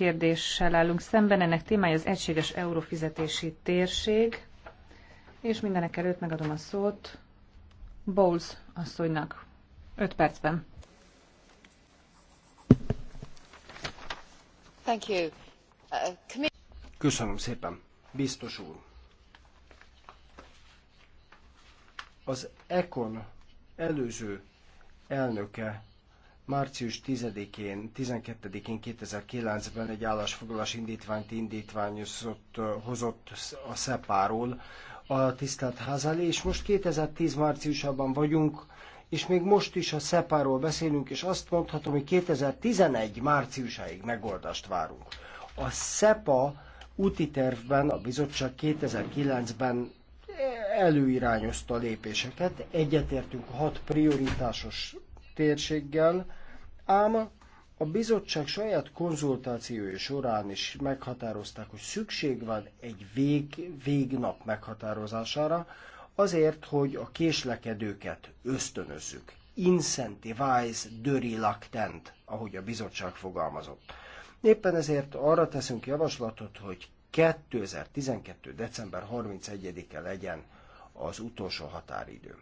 kérdéssel állunk szemben. Ennek témája az egységes eurófizetési térség. És mindenek előtt megadom a szót Bowles asszonynak. 5 percben. Thank you. Uh, Köszönöm szépen. Biztos úr. Az ECON előző elnöke Március 10-én, 12-én 2009-ben egy állásfoglalás indítványt indítványozott, hozott a SZEPÁról a tisztelt ház elé, és most 2010 márciusában vagyunk, és még most is a SZEPÁról beszélünk, és azt mondhatom, hogy 2011 márciusáig megoldást várunk. A sepa úti tervben a bizottság 2009-ben előirányozta lépéseket, egyetértünk a hat prioritásos térséggel, Ám a bizottság saját konzultációja során is meghatározták, hogy szükség van egy vég, végnap meghatározására, azért, hogy a késlekedőket ösztönözzük. Incentivize the reluctant, ahogy a bizottság fogalmazott. Éppen ezért arra teszünk javaslatot, hogy 2012. december 31-e legyen az utolsó határidő.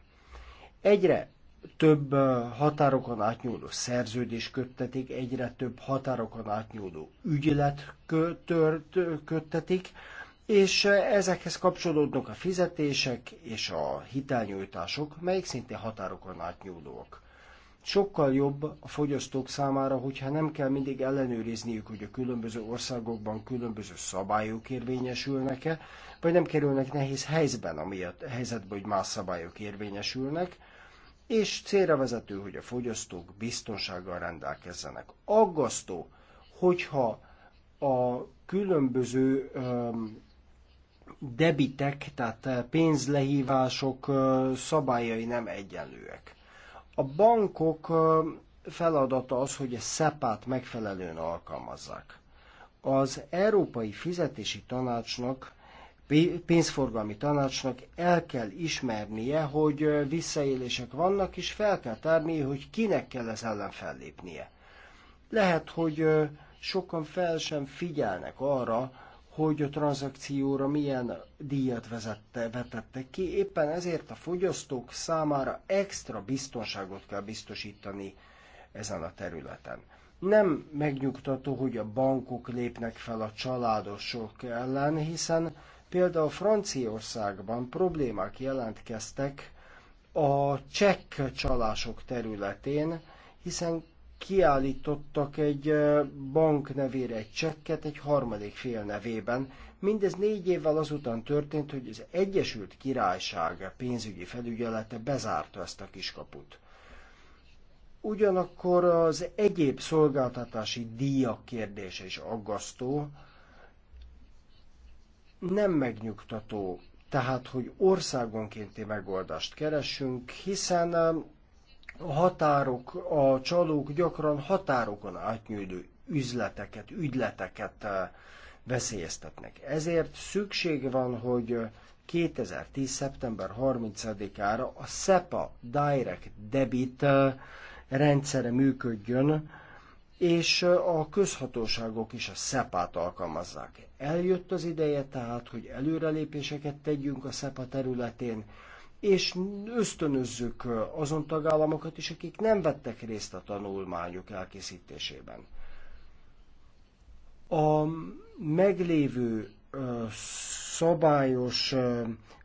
Egyre több határokon átnyúló szerződés köttetik, egyre több határokon átnyúló ügylet kötört, köttetik, és ezekhez kapcsolódnak a fizetések és a hitelnyújtások, melyek szintén határokon átnyúlóak. Sokkal jobb a fogyasztók számára, hogyha nem kell mindig ellenőrizniük, hogy a különböző országokban különböző szabályok érvényesülnek-e, vagy nem kerülnek nehéz helyzetben, amiatt, helyzetben, hogy más szabályok érvényesülnek, és célra vezető, hogy a fogyasztók biztonsággal rendelkezzenek. Aggasztó, hogyha a különböző debitek, tehát pénzlehívások szabályai nem egyenlőek. A bankok feladata az, hogy a SEPA-t megfelelően alkalmazzák. Az Európai Fizetési Tanácsnak pénzforgalmi tanácsnak el kell ismernie, hogy visszaélések vannak, és fel kell tárni, hogy kinek kell ez ellen fellépnie. Lehet, hogy sokan fel sem figyelnek arra, hogy a tranzakcióra milyen díjat vezette, vetette ki, éppen ezért a fogyasztók számára extra biztonságot kell biztosítani ezen a területen. Nem megnyugtató, hogy a bankok lépnek fel a családosok ellen, hiszen Például Franciaországban problémák jelentkeztek a csekk csalások területén, hiszen kiállítottak egy bank nevére egy csekket egy harmadik fél nevében. Mindez négy évvel azután történt, hogy az Egyesült Királyság pénzügyi felügyelete bezárta ezt a kiskaput. Ugyanakkor az egyéb szolgáltatási díjak kérdése is aggasztó nem megnyugtató, tehát, hogy országonkénti megoldást keresünk, hiszen um, a határok, a csalók gyakran határokon átnyúló üzleteket, ügyleteket uh, veszélyeztetnek. Ezért szükség van, hogy 2010. Uh, szeptember 30-ára a SEPA Direct Debit uh, rendszere működjön, és a közhatóságok is a SEPA-t alkalmazzák. Eljött az ideje tehát, hogy előrelépéseket tegyünk a SEPA területén, és ösztönözzük azon tagállamokat is, akik nem vettek részt a tanulmányok elkészítésében. A meglévő szabályos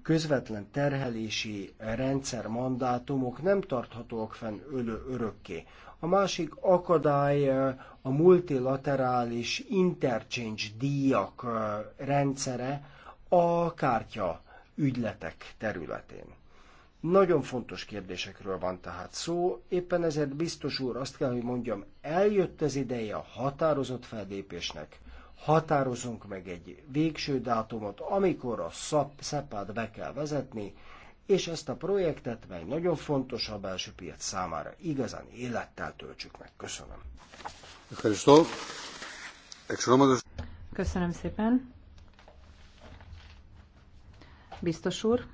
közvetlen terhelési rendszer mandátumok nem tarthatóak fenn örökké. A másik akadály a multilaterális interchange díjak rendszere a kártya ügyletek területén. Nagyon fontos kérdésekről van tehát szó, éppen ezért biztos úr azt kell, hogy mondjam, eljött az ideje a határozott fellépésnek. Határozunk meg egy végső dátumot, amikor a SZEPÁD be kell vezetni, és ezt a projektet, mely nagyon fontos a belső piac számára, igazán élettel töltsük meg. Köszönöm. Köszönöm szépen. Biztos úr,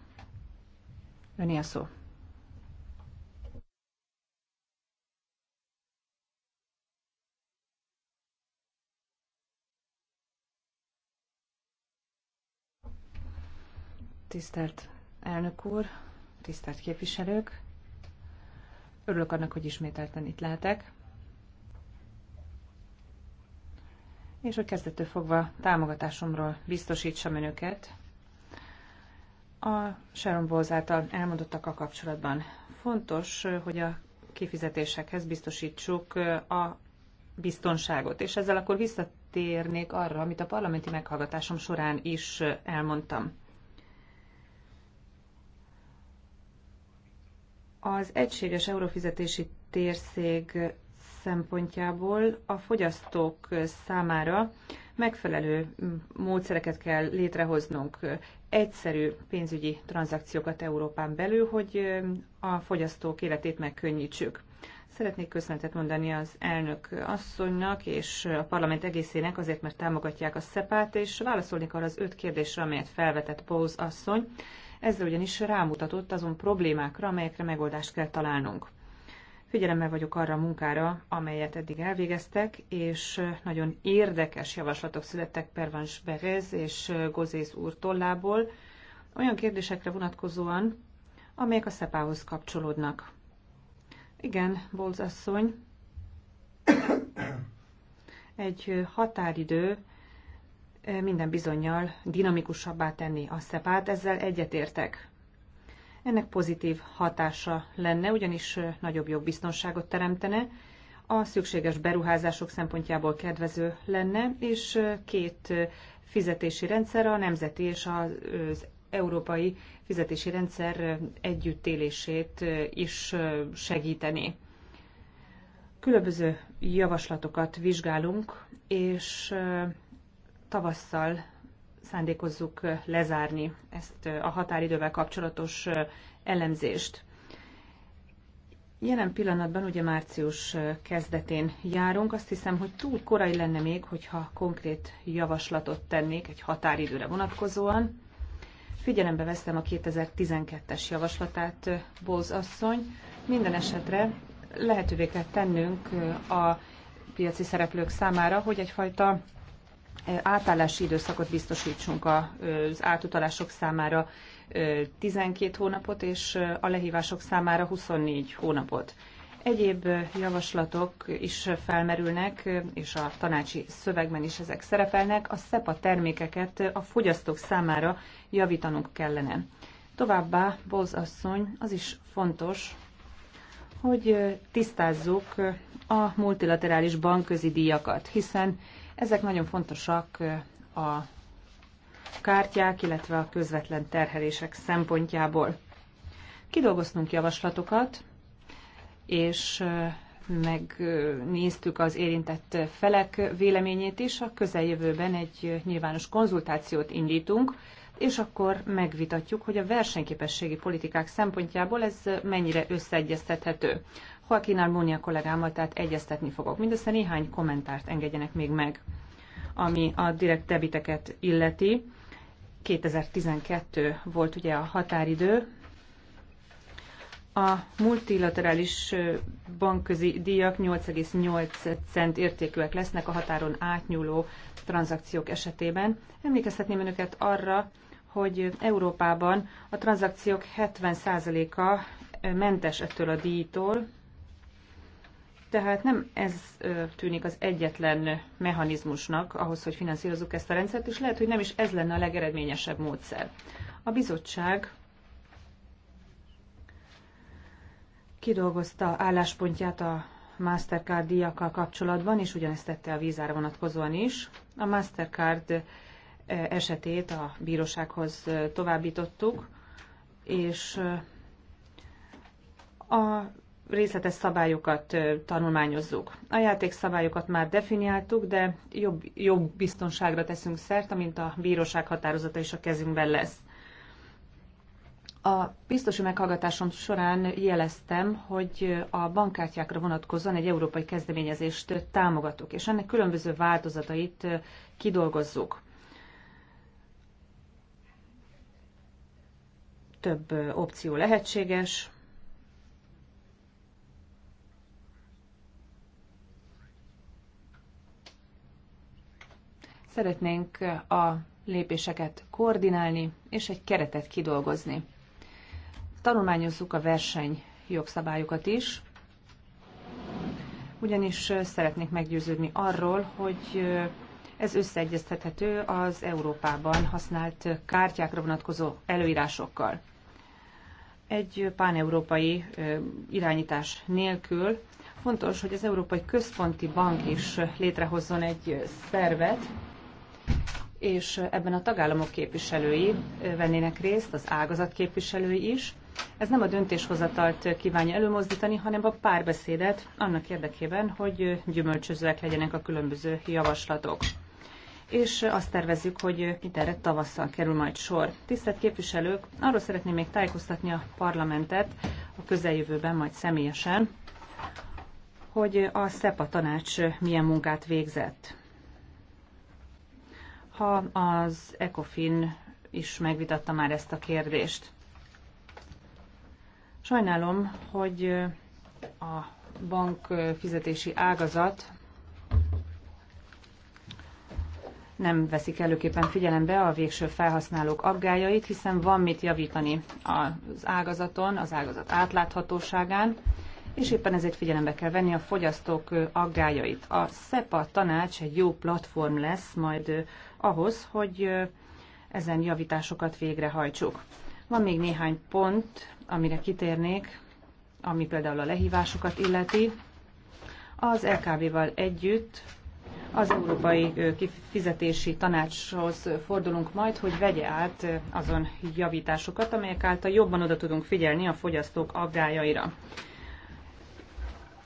öné a szó. Tisztelt elnök úr, tisztelt képviselők! Örülök annak, hogy ismételten itt lehetek. És hogy kezdettől fogva támogatásomról biztosítsam önöket a Sharon Bowles által elmondottakkal kapcsolatban. Fontos, hogy a kifizetésekhez biztosítsuk a biztonságot, és ezzel akkor visszatérnék arra, amit a parlamenti meghallgatásom során is elmondtam. Az egységes eurófizetési térség szempontjából a fogyasztók számára megfelelő módszereket kell létrehoznunk, egyszerű pénzügyi tranzakciókat Európán belül, hogy a fogyasztók életét megkönnyítsük. Szeretnék köszönetet mondani az elnök asszonynak és a parlament egészének azért, mert támogatják a SZEPÁT, és válaszolni kell az öt kérdésre, amelyet felvetett Póz asszony ezzel ugyanis rámutatott azon problémákra, amelyekre megoldást kell találnunk. Figyelemmel vagyok arra a munkára, amelyet eddig elvégeztek, és nagyon érdekes javaslatok születtek Pervans Berez és Gozész úr tollából, olyan kérdésekre vonatkozóan, amelyek a szepához kapcsolódnak. Igen, Bolz asszony, egy határidő minden bizonyal dinamikusabbá tenni a szepát, ezzel egyetértek. Ennek pozitív hatása lenne, ugyanis nagyobb jogbiztonságot teremtene, a szükséges beruházások szempontjából kedvező lenne, és két fizetési rendszer, a nemzeti és az európai fizetési rendszer együttélését is segíteni. Különböző javaslatokat vizsgálunk, és tavasszal szándékozzuk lezárni ezt a határidővel kapcsolatos elemzést. Jelen pillanatban ugye március kezdetén járunk, azt hiszem, hogy túl korai lenne még, hogyha konkrét javaslatot tennék egy határidőre vonatkozóan. Figyelembe veszem a 2012-es javaslatát, Bóz asszony. Minden esetre lehetővé kell tennünk a piaci szereplők számára, hogy egyfajta átállási időszakot biztosítsunk az átutalások számára 12 hónapot, és a lehívások számára 24 hónapot. Egyéb javaslatok is felmerülnek, és a tanácsi szövegben is ezek szerepelnek. A SEPA termékeket a fogyasztók számára javítanunk kellene. Továbbá, Boz asszony, az is fontos, hogy tisztázzuk a multilaterális bankközi díjakat, hiszen ezek nagyon fontosak a kártyák, illetve a közvetlen terhelések szempontjából. Kidolgoztunk javaslatokat, és megnéztük az érintett felek véleményét is. A közeljövőben egy nyilvános konzultációt indítunk, és akkor megvitatjuk, hogy a versenyképességi politikák szempontjából ez mennyire összeegyeztethető. Joaquin Almunia kollégámmal, tehát egyeztetni fogok. Mindössze néhány kommentárt engedjenek még meg, ami a direkt debiteket illeti. 2012 volt ugye a határidő, a multilaterális bankközi díjak 8,8 cent értékűek lesznek a határon átnyúló tranzakciók esetében. Emlékeztetném önöket arra, hogy Európában a tranzakciók 70%-a mentes ettől a díjtól, tehát nem ez tűnik az egyetlen mechanizmusnak ahhoz, hogy finanszírozzuk ezt a rendszert, és lehet, hogy nem is ez lenne a legeredményesebb módszer. A bizottság kidolgozta álláspontját a Mastercard díjakkal kapcsolatban, és ugyanezt tette a vízára vonatkozóan is. A Mastercard esetét a bírósághoz továbbítottuk, és a részletes szabályokat tanulmányozzuk. A játékszabályokat már definiáltuk, de jobb, jobb biztonságra teszünk szert, amint a bíróság határozata is a kezünkben lesz. A biztosi meghallgatásom során jeleztem, hogy a bankkártyákra vonatkozóan egy európai kezdeményezést támogatok, és ennek különböző változatait kidolgozzuk. Több opció lehetséges, Szeretnénk a lépéseket koordinálni és egy keretet kidolgozni. Tanulmányozzuk a verseny jogszabályokat is, ugyanis szeretnék meggyőződni arról, hogy ez összeegyeztethető az Európában használt kártyákra vonatkozó előírásokkal. Egy páneurópai irányítás nélkül fontos, hogy az Európai Központi Bank is létrehozzon egy szervet, és ebben a tagállamok képviselői vennének részt, az ágazat képviselői is. Ez nem a döntéshozatalt kívánja előmozdítani, hanem a párbeszédet annak érdekében, hogy gyümölcsözőek legyenek a különböző javaslatok. És azt tervezzük, hogy mindenre tavasszal kerül majd sor. Tisztelt képviselők, arról szeretném még tájékoztatni a parlamentet a közeljövőben, majd személyesen, hogy a SZEPA tanács milyen munkát végzett ha az ECOFIN is megvitatta már ezt a kérdést. Sajnálom, hogy a bank fizetési ágazat nem veszik előképpen figyelembe a végső felhasználók aggájait, hiszen van mit javítani az ágazaton, az ágazat átláthatóságán, és éppen ezért figyelembe kell venni a fogyasztók aggájait. A SEPA tanács egy jó platform lesz majd ahhoz, hogy ezen javításokat végrehajtsuk. Van még néhány pont, amire kitérnék, ami például a lehívásokat illeti. Az LKB-val együtt az Európai Kifizetési Tanácshoz fordulunk majd, hogy vegye át azon javításokat, amelyek által jobban oda tudunk figyelni a fogyasztók aggájaira.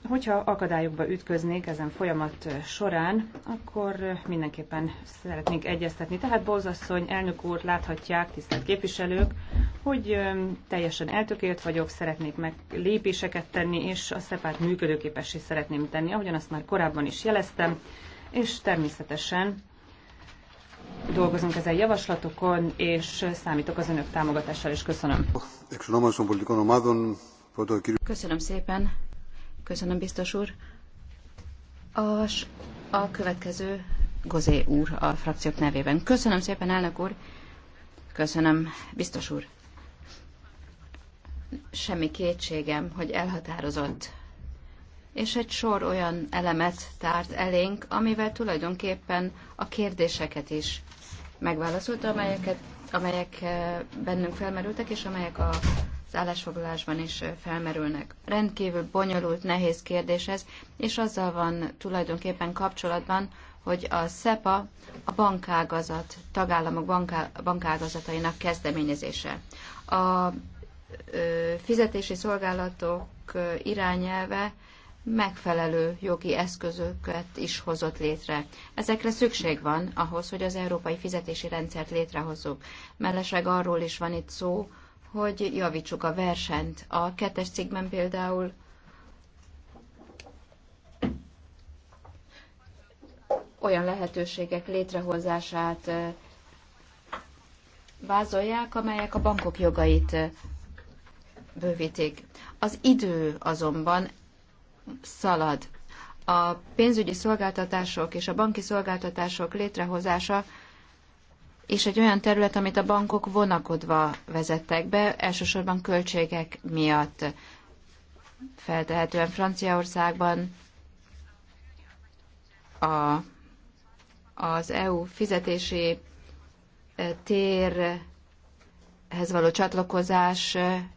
Hogyha akadályokba ütköznék ezen folyamat során, akkor mindenképpen szeretnénk egyeztetni. Tehát Bózasszony, elnök úr, láthatják, tisztelt képviselők, hogy teljesen eltökélt vagyok, szeretnék meg lépéseket tenni, és a szepát működőképessé szeretném tenni, ahogyan azt már korábban is jeleztem, és természetesen dolgozunk ezen javaslatokon, és számítok az önök támogatására, és köszönöm. Köszönöm szépen. Köszönöm, biztos úr. A, a következő Gozé úr a frakciók nevében. Köszönöm szépen, elnök úr. Köszönöm, biztos úr. Semmi kétségem, hogy elhatározott és egy sor olyan elemet tárt elénk, amivel tulajdonképpen a kérdéseket is megválaszolta, amelyeket, amelyek eh, bennünk felmerültek, és amelyek a állásfoglalásban is felmerülnek. Rendkívül bonyolult, nehéz kérdés ez, és azzal van tulajdonképpen kapcsolatban, hogy a SEPA a bankágazat, tagállamok banká, bankágazatainak kezdeményezése. A fizetési szolgálatok irányelve megfelelő jogi eszközöket is hozott létre. Ezekre szükség van ahhoz, hogy az európai fizetési rendszert létrehozzuk. Mellesleg arról is van itt szó, hogy javítsuk a versenyt. A kettes cikkben például olyan lehetőségek létrehozását vázolják, amelyek a bankok jogait bővítik. Az idő azonban szalad. A pénzügyi szolgáltatások és a banki szolgáltatások létrehozása és egy olyan terület, amit a bankok vonakodva vezettek be, elsősorban költségek miatt. Feltehetően Franciaországban a, az EU fizetési e, térhez való csatlakozás e,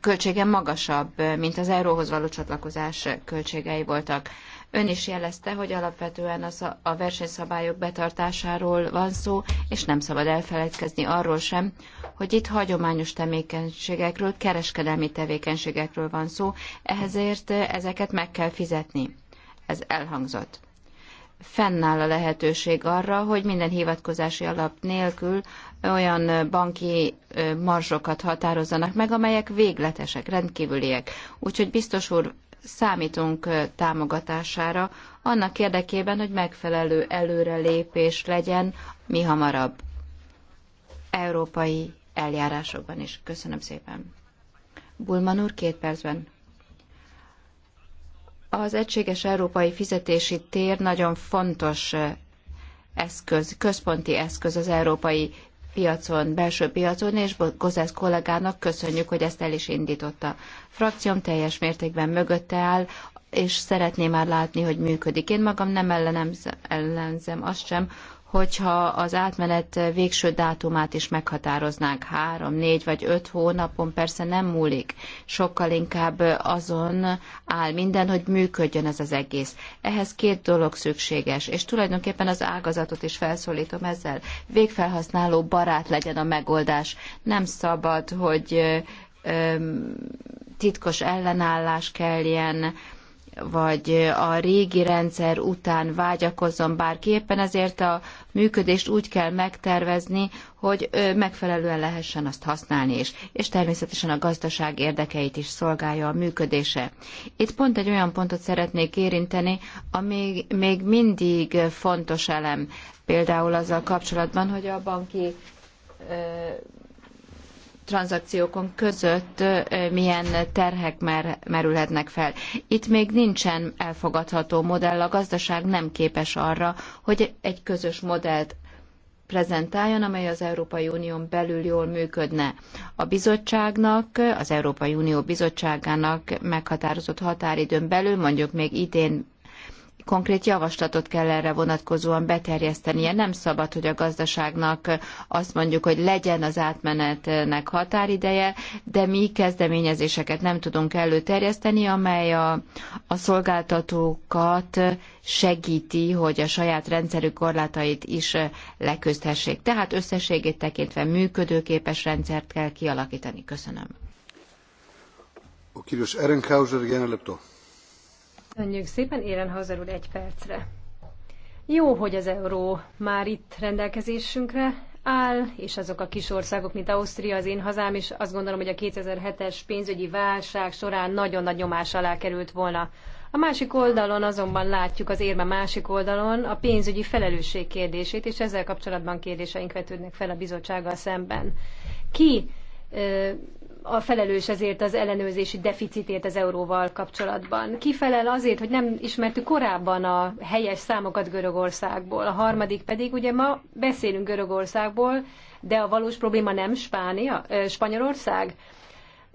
költsége magasabb, mint az euróhoz való csatlakozás költségei voltak. Ön is jelezte, hogy alapvetően az a versenyszabályok betartásáról van szó, és nem szabad elfeledkezni arról sem, hogy itt hagyományos tevékenységekről, kereskedelmi tevékenységekről van szó, ezért eh, ezeket meg kell fizetni. Ez elhangzott. Fennáll a lehetőség arra, hogy minden hivatkozási alap nélkül olyan banki eh, marzsokat határozzanak meg, amelyek végletesek, rendkívüliek. Úgyhogy biztos úr, számítunk támogatására, annak érdekében, hogy megfelelő előrelépés legyen mi hamarabb európai eljárásokban is. Köszönöm szépen. Bulman úr, két percben. Az egységes európai fizetési tér nagyon fontos eszköz, központi eszköz az európai piacon, belső piacon, és Gozász kollégának köszönjük, hogy ezt el is indította. Frakcióm teljes mértékben mögötte áll és szeretném már látni, hogy működik. Én magam nem ellenem, ellenzem azt sem, hogyha az átmenet végső dátumát is meghatároznánk, három, négy vagy öt hónapon persze nem múlik, sokkal inkább azon áll minden, hogy működjön ez az egész. Ehhez két dolog szükséges, és tulajdonképpen az ágazatot is felszólítom ezzel. Végfelhasználó barát legyen a megoldás. Nem szabad, hogy titkos ellenállás kelljen, vagy a régi rendszer után vágyakozzon bárki. Éppen ezért a működést úgy kell megtervezni, hogy megfelelően lehessen azt használni is, és természetesen a gazdaság érdekeit is szolgálja a működése. Itt pont egy olyan pontot szeretnék érinteni, ami még mindig fontos elem, például azzal kapcsolatban, hogy a banki tranzakciókon között milyen terhek mer, merülhetnek fel. Itt még nincsen elfogadható modell, a gazdaság nem képes arra, hogy egy közös modellt prezentáljon, amely az Európai Unión belül jól működne. A bizottságnak, az Európai Unió bizottságának meghatározott határidőn belül, mondjuk még idén konkrét javaslatot kell erre vonatkozóan beterjesztenie. Nem szabad, hogy a gazdaságnak azt mondjuk, hogy legyen az átmenetnek határideje, de mi kezdeményezéseket nem tudunk előterjeszteni, amely a, a szolgáltatókat segíti, hogy a saját rendszerük korlátait is leküzdhessék. Tehát összességét tekintve működőképes rendszert kell kialakítani. Köszönöm. A kíros Köszönjük szépen, Éren Hazar úr, egy percre. Jó, hogy az euró már itt rendelkezésünkre áll, és azok a kis országok, mint Ausztria, az én hazám is, azt gondolom, hogy a 2007-es pénzügyi válság során nagyon nagy nyomás alá került volna. A másik oldalon azonban látjuk az érme másik oldalon a pénzügyi felelősség kérdését, és ezzel kapcsolatban kérdéseink vetődnek fel a bizottsággal szemben. Ki a felelős ezért az ellenőrzési deficitét az euróval kapcsolatban. Kifelel azért, hogy nem ismertük korábban a helyes számokat Görögországból. A harmadik pedig, ugye ma beszélünk Görögországból, de a valós probléma nem Spánia, Spanyolország.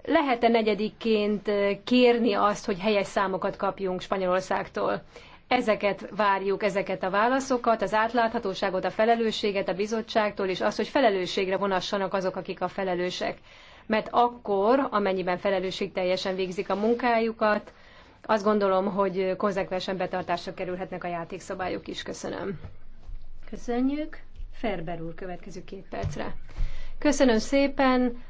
Lehet-e negyedikként kérni azt, hogy helyes számokat kapjunk Spanyolországtól? Ezeket várjuk, ezeket a válaszokat, az átláthatóságot, a felelősséget a bizottságtól, és azt, hogy felelősségre vonassanak azok, akik a felelősek mert akkor, amennyiben felelősségteljesen végzik a munkájukat, azt gondolom, hogy konzekvensen betartásra kerülhetnek a játékszabályok is. Köszönöm. Köszönjük. Ferber úr következő két percre. Köszönöm szépen.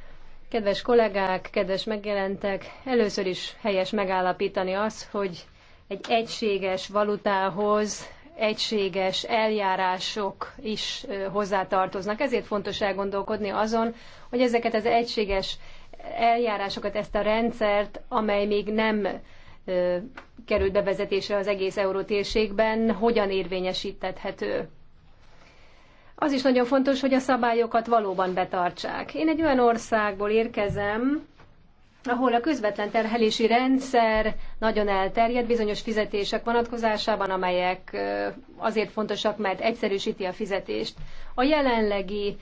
Kedves kollégák, kedves megjelentek, először is helyes megállapítani azt, hogy egy egységes valutához egységes eljárások is hozzátartoznak. Ezért fontos elgondolkodni azon, hogy ezeket az egységes eljárásokat, ezt a rendszert, amely még nem került bevezetésre az egész eurótérségben, hogyan érvényesíthethető. Az is nagyon fontos, hogy a szabályokat valóban betartsák. Én egy olyan országból érkezem, ahol a közvetlen terhelési rendszer nagyon elterjedt bizonyos fizetések vonatkozásában, amelyek azért fontosak, mert egyszerűsíti a fizetést. A jelenlegi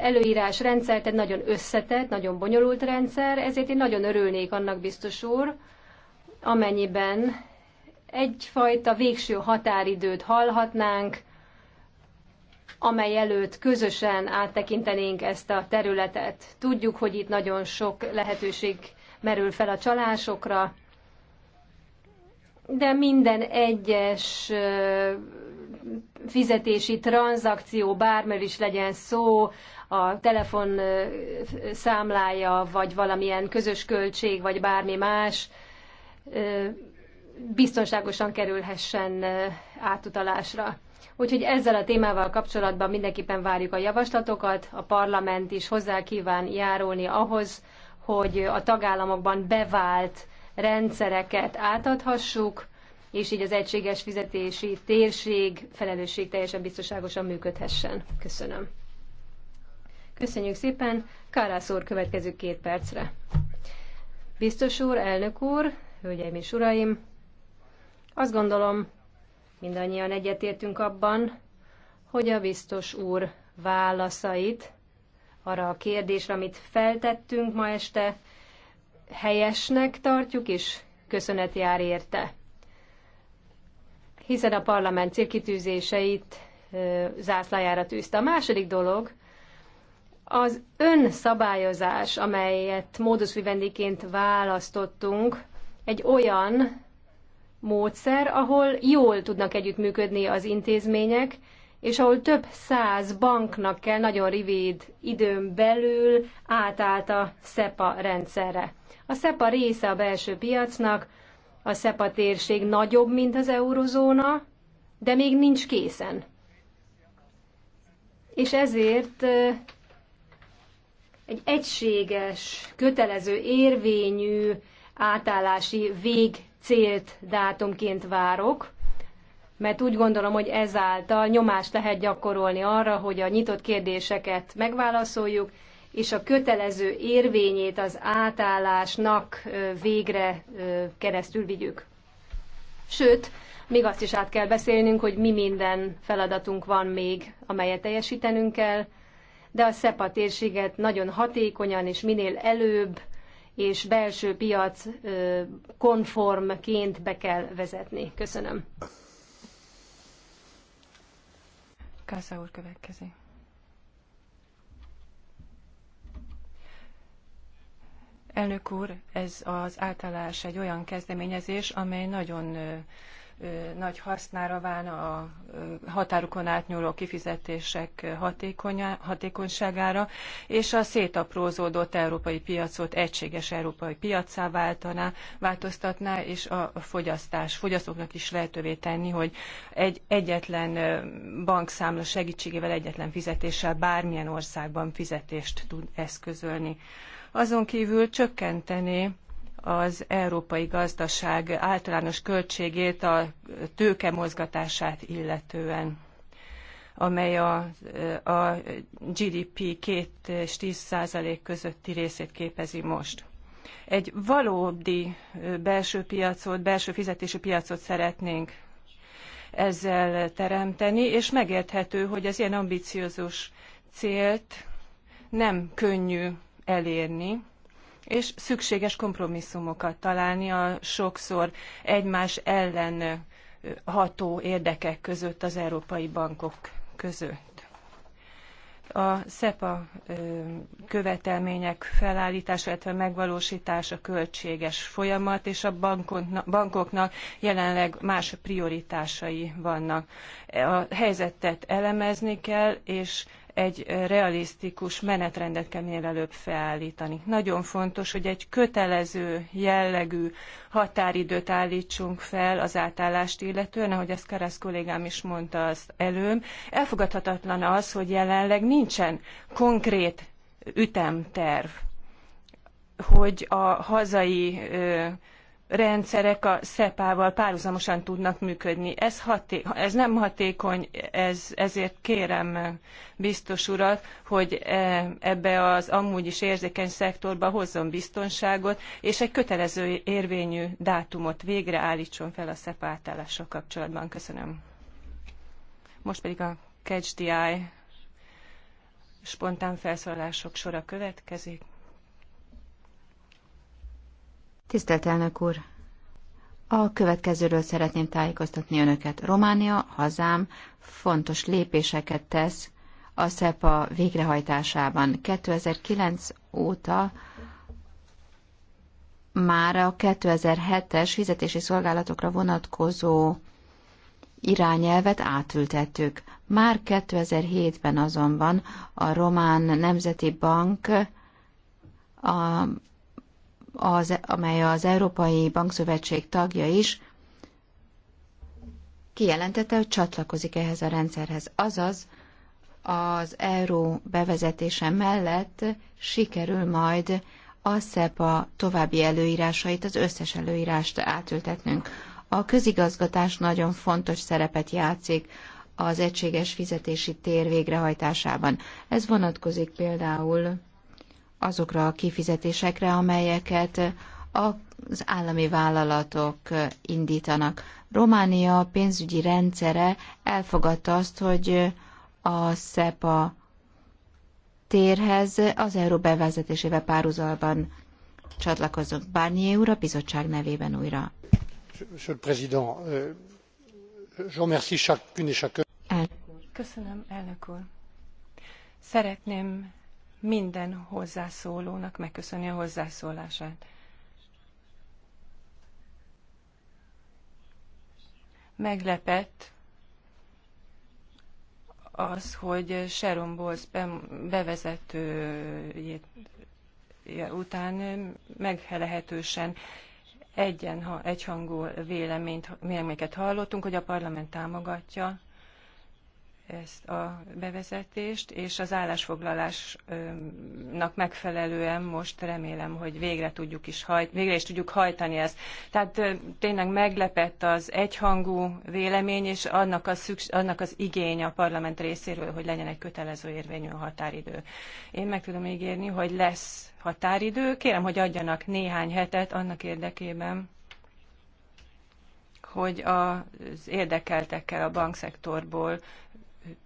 előírás rendszer egy nagyon összetett, nagyon bonyolult rendszer, ezért én nagyon örülnék annak biztos úr, amennyiben egyfajta végső határidőt hallhatnánk, amely előtt közösen áttekintenénk ezt a területet. Tudjuk, hogy itt nagyon sok lehetőség merül fel a csalásokra, de minden egyes fizetési tranzakció, bármely is legyen szó, a telefon számlája, vagy valamilyen közös költség, vagy bármi más, biztonságosan kerülhessen átutalásra. Úgyhogy ezzel a témával kapcsolatban mindenképpen várjuk a javaslatokat, a parlament is hozzá kíván járulni ahhoz, hogy a tagállamokban bevált rendszereket átadhassuk, és így az egységes fizetési térség felelősség teljesen biztonságosan működhessen. Köszönöm. Köszönjük szépen. Kárász úr következő két percre. Biztos úr, elnök úr, hölgyeim és uraim, azt gondolom, Mindannyian egyetértünk abban, hogy a biztos úr válaszait arra a kérdésre, amit feltettünk ma este, helyesnek tartjuk, és köszönet jár érte. Hiszen a parlament célkitűzéseit zászlajára tűzte. A második dolog, az önszabályozás, amelyet módus vivendiként választottunk, egy olyan módszer, ahol jól tudnak együttműködni az intézmények, és ahol több száz banknak kell nagyon rivéd időn belül átállt a SEPA rendszerre. A SEPA része a belső piacnak, a SEPA térség nagyobb, mint az eurozóna, de még nincs készen. És ezért egy egységes, kötelező, érvényű átállási vég célt dátumként várok, mert úgy gondolom, hogy ezáltal nyomást lehet gyakorolni arra, hogy a nyitott kérdéseket megválaszoljuk, és a kötelező érvényét az átállásnak végre keresztül vigyük. Sőt, még azt is át kell beszélnünk, hogy mi minden feladatunk van még, amelyet teljesítenünk kell, de a SZEPA térséget nagyon hatékonyan és minél előbb és belső piac konformként be kell vezetni. Köszönöm. Kásza úr következik. Elnök úr, ez az általás egy olyan kezdeményezés, amely nagyon nagy hasznára válna a határokon átnyúló kifizetések hatékonyságára, és a szétaprózódott európai piacot egységes európai piacá váltaná, változtatná, és a fogyasztás, fogyasztóknak is lehetővé tenni, hogy egy egyetlen bankszámla segítségével, egyetlen fizetéssel bármilyen országban fizetést tud eszközölni. Azon kívül csökkenteni az európai gazdaság általános költségét, a tőke mozgatását illetően amely a, a GDP 2 10 százalék közötti részét képezi most. Egy valódi belső piacot, belső fizetési piacot szeretnénk ezzel teremteni, és megérthető, hogy az ilyen ambiciózus célt nem könnyű elérni, és szükséges kompromisszumokat találni a sokszor egymás ellen ható érdekek között az európai bankok között. A SEPA követelmények felállítása, illetve megvalósítása költséges folyamat, és a bankoknak jelenleg más prioritásai vannak. A helyzetet elemezni kell, és egy realisztikus menetrendet kell minél előbb felállítani. Nagyon fontos, hogy egy kötelező jellegű határidőt állítsunk fel az átállást illetően, ahogy ezt Karasz kollégám is mondta az előm. Elfogadhatatlan az, hogy jelenleg nincsen konkrét ütemterv, hogy a hazai rendszerek a SEPA-val párhuzamosan tudnak működni. Ez, haté- ez nem hatékony, ez, ezért kérem biztos urat, hogy e, ebbe az amúgy is érzékeny szektorba hozzon biztonságot, és egy kötelező érvényű dátumot végre állítson fel a SEPA átállással kapcsolatban. Köszönöm. Most pedig a Catch the Eye spontán felszólalások sora következik. Tisztelt elnök úr! A következőről szeretném tájékoztatni önöket. Románia, hazám, fontos lépéseket tesz a SEPA végrehajtásában. 2009 óta már a 2007-es fizetési szolgálatokra vonatkozó irányelvet átültettük. Már 2007-ben azonban a Román Nemzeti Bank a az, amely az Európai Bankszövetség tagja is, kijelentette, hogy csatlakozik ehhez a rendszerhez. Azaz, az euró bevezetése mellett sikerül majd a SZEPA további előírásait, az összes előírást átültetnünk. A közigazgatás nagyon fontos szerepet játszik az egységes fizetési tér végrehajtásában. Ez vonatkozik például azokra a kifizetésekre, amelyeket az állami vállalatok indítanak. Románia pénzügyi rendszere elfogadta azt, hogy a SEPA térhez az euró bevezetésével párhuzalban csatlakozott Barnier úr a bizottság nevében újra. Monsieur le Président, euh, je remercie chacune et chacun. Köszönöm, elnök úr. Szeretném minden hozzászólónak megköszönni a hozzászólását. Meglepett az, hogy Sharon Bowles bevezetőjét után meglehetősen egyen, ha egyhangú véleményt, véleményeket hallottunk, hogy a parlament támogatja ezt a bevezetést, és az állásfoglalásnak megfelelően most remélem, hogy végre, tudjuk is hajt, végre is tudjuk hajtani ezt. Tehát tényleg meglepett az egyhangú vélemény, és annak, a szüks, annak az igény a parlament részéről, hogy legyen egy kötelező érvényű határidő. Én meg tudom ígérni, hogy lesz határidő. Kérem, hogy adjanak néhány hetet annak érdekében, hogy az érdekeltekkel a bankszektorból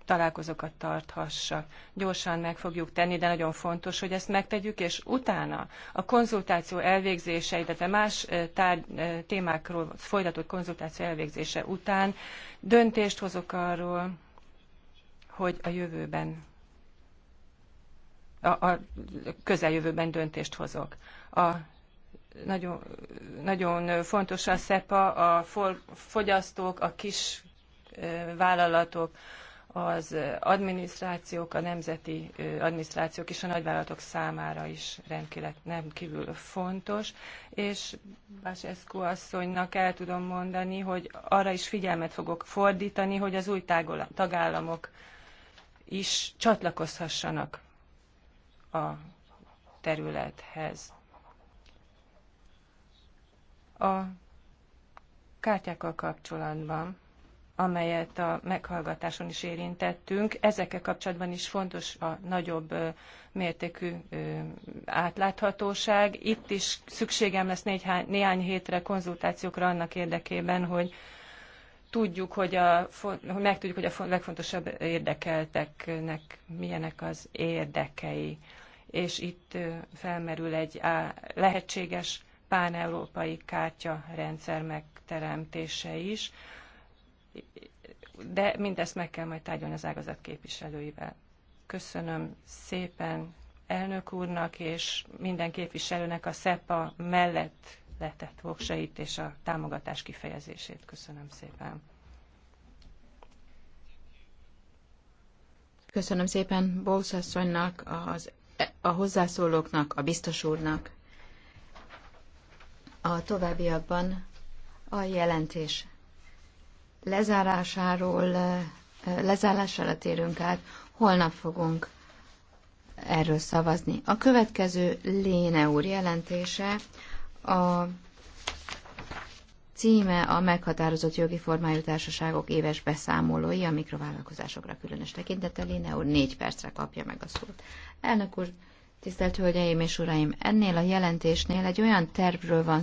találkozókat tarthassak. Gyorsan meg fogjuk tenni, de nagyon fontos, hogy ezt megtegyük, és utána a konzultáció elvégzése, illetve más tár- témákról folytatott konzultáció elvégzése után döntést hozok arról, hogy a jövőben, a, a közeljövőben döntést hozok. A nagyon, nagyon fontos a SZEPA, a fogyasztók, a kis vállalatok, az adminisztrációk, a nemzeti adminisztrációk és a nagyvállalatok számára is rendkívül, fontos, és Basescu asszonynak el tudom mondani, hogy arra is figyelmet fogok fordítani, hogy az új tagállamok is csatlakozhassanak a területhez. A kártyákkal kapcsolatban amelyet a meghallgatáson is érintettünk. Ezekkel kapcsolatban is fontos a nagyobb mértékű átláthatóság. Itt is szükségem lesz néhány, néhány hétre konzultációkra annak érdekében, hogy tudjuk, hogy, a, hogy megtudjuk, hogy a legfontosabb érdekelteknek milyenek az érdekei. És itt felmerül egy lehetséges pán-európai rendszer megteremtése is de mindezt meg kell majd tárgyalni az ágazat képviselőivel. Köszönöm szépen elnök úrnak és minden képviselőnek a SZEPA mellett letett voksait és a támogatás kifejezését. Köszönöm szépen. Köszönöm szépen Bószasszonynak, az, a hozzászólóknak, a biztos úrnak. A továbbiakban a jelentés lezárásáról, lezárására térünk át, holnap fogunk erről szavazni. A következő Léne úr jelentése a címe a meghatározott jogi formájú társaságok éves beszámolói a mikrovállalkozásokra különös tekintettel. Léne úr négy percre kapja meg a szót. Elnök úr, tisztelt Hölgyeim és Uraim, ennél a jelentésnél egy olyan tervről van szó,